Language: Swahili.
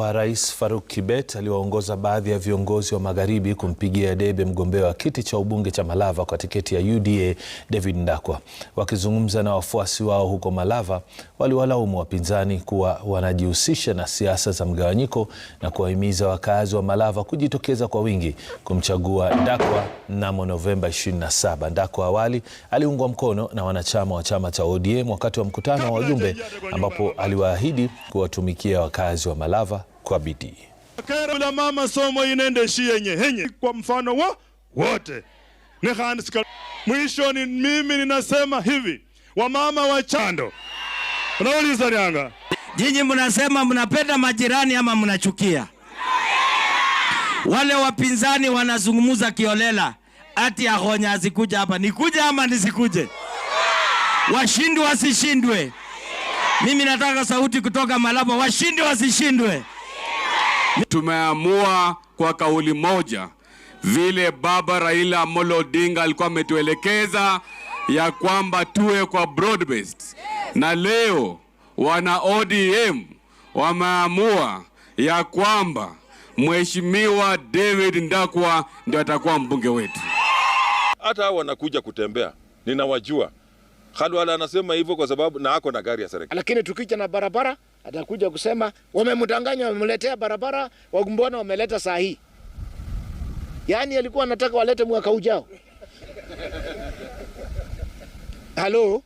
wa Rais Faruk Kibet aliwaongoza baadhi ya viongozi wa magharibi kumpigia debe mgombea wa kiti cha ubunge cha Malava kwa tiketi ya UDA David Ndakwa. Wakizungumza na wafuasi wao huko Malava, waliwalaumu wapinzani kuwa wanajihusisha na siasa za mgawanyiko na kuwahimiza wakazi wa Malava kujitokeza kwa wingi kumchagua Ndakwa mnamo Novemba 27. Ndakwa awali aliungwa mkono na wanachama wa chama cha ODM wakati wa mkutano wa wajumbe ambapo aliwaahidi kuwatumikia wakazi wa Malava kwa bidii. Kera la mama somo inendeshi yenye henye kwa mfano wa wote nihanska. Mwisho ni mimi ninasema hivi, wamama wa chando, unauliza nyanga, nyinyi mnasema mnapenda majirani ama mnachukia? Wale wapinzani wanazungumza kiolela ati ahonya azikuja hapa, nikuje ama nisikuje? Washindwe wasishindwe? Mimi nataka sauti kutoka Malaba, washindwe wasishindwe? Tumeamua kwa kauli moja vile Baba Raila Amolo Odinga alikuwa ametuelekeza ya kwamba tuwe kwa broad based, na leo wana ODM wameamua ya kwamba Mheshimiwa David Ndakwa ndio atakuwa mbunge wetu. Hata hao wanakuja kutembea, ninawajua. Khalwala anasema hivyo kwa sababu na ako na gari ya serikali, lakini tukicha na barabara atakuja kusema wamemdanganya, wamemletea barabara, wagumbona wameleta saa hii. Yaani alikuwa anataka walete mwaka ujao. Halo.